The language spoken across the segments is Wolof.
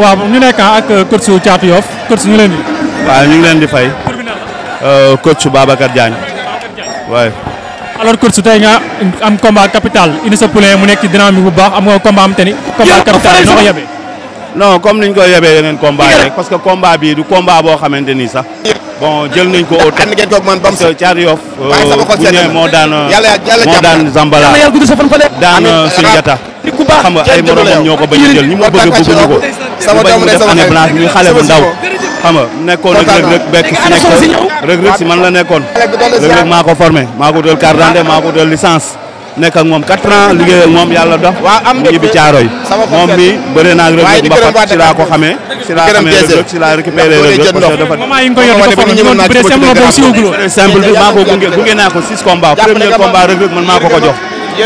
waaw ñu nekk ak euh, coach su Thiatou Yoff coach ñu leen di. waaw ñu ngi leen di fay. tur bi naan euh, coach su Babacar Diagne. waay. alors su tey nga am combat capital indi sa poulain mu nekk ci dynamique bu baax am nga combat am te ni. combat noo ko yebee. non comme parce que combat bii du combat boo xamante ni sax. bon jël nañ ko au teg parce que Thiatou Yoff euh, bu ñëwee moo daan moo daan Zambala daan Sunjata xam nga ay moromam ñoo ko bañ a jël ñi mu bëgg bëgguñu ko. sama doomu ne sama xarit muy xale bu ndaw xam nga nekkoon ak rëg rëg bekk si nekkoon rëg rëg si man la nekkoon rëg rëg maa ko formé maa ko dool carte d'identité maa moom 4 ans liggéey moom yàlla dox mu ñibbi caaroy moom mi bëre naa rëg rëg mbapat si laa ko xamee si laa xamee rëg rëg si laa rëg rëg rëg man maa ko jox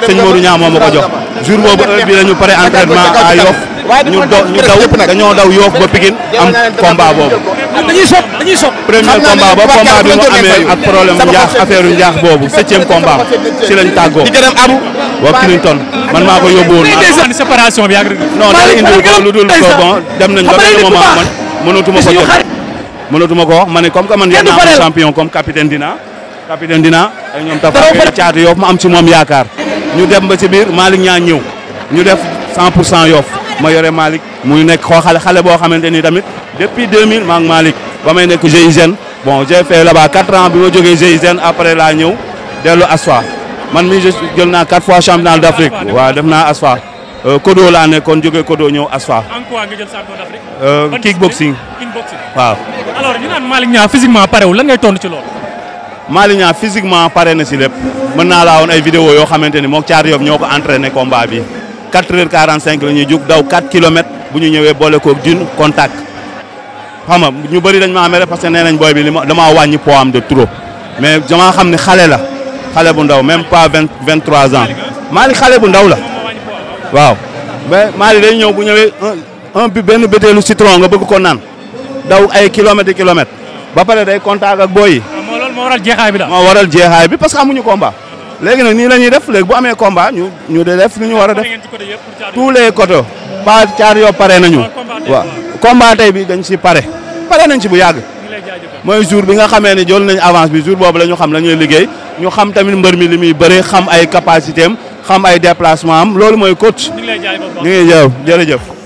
sëñ Modou Niang ko jox jour boobu pare entraînement à Yoff ñu daw dañoo daw yoof ba Pikine am combat boobu. dañuy sopp dañuy sopp. premier combat ba combat bi mu amee ak problème njaax affaire yu njaax boobu septième combat ci lañ tàggoo. di gërëm Abu. waa Clinton man maa ko yóbbu woon. bi yàgg non dara indil ko lu dul ko bon dem nañ ba benn moment man mënatuma ko def mënatuma ko wax ma ne comme que man yéen a am champion comme capitaine dina capitaine dina ak ñoom Tafa caatu yoof ma am ci moom yaakaar ñu dem ba ci biir Malick ñaa ñëw ñu def 100 pour cent yoof ma yore Malick muy nekk xoo xale xale boo xamante ni tamit depuis 2000 maa ngi Malick ba may nekk GIGN bon j'ai fait là-bas 4 ans bi ma jógee GIGN après laa ñëw dellu ASFA man mi jël naa 4 fois championnat d'Afrique wa def naa ASFA euh, Kodo laa nekkoon jógee Kodo ñëw ASFA. en quoi nga jël champion d'Afrique. Euh, kickboxing kickboxing waaw. alors ñu naan Malick physiquement parewul ngay tontu ci loolu. Malick Niang physiquement pare na si lépp mën naa laa woon ay vidéo yoo xamante ni moom caar yoof ñoo ko entraîné combat bi. 4 heures cinq la ñuy jug daw 4 kilomètres bu ñu ñëwee boole koog dune contact xam nga ñu bëri dañ maa mere parce que nee nañ booy bi li ma damaa wàññi poids am de trop mais damaa xam ne xale la xale bu ndaw même pas vingt vingt trois ans Malick xale bu ndaw la waaw mais Malick day ñëw bu ñëwee un bi benn béteelu citron nga bëgg ko naan daw ay kilomètres kilomètres ba pare day contact ak booy yi. Ah, moo waral jeexaay bi la moo waral jeexaay bi parce que amuñu combat. léegi nag nii la def léegi bu amee combat ñu ñu de def lu ñu war a def tous les côtés pas caar yoo pare nañu waaw combat tey bi dañ si pare pare nañ si bu yàgg mooy jour bi nga xamee ne jël nañ avance bi jour boobu la ñu xam la ñuy liggéey ñu xam tamit mbër mi li muy bëre xam ay capacité am xam ay déplacement am loolu mooy coach ñu ngi lay jërëjëf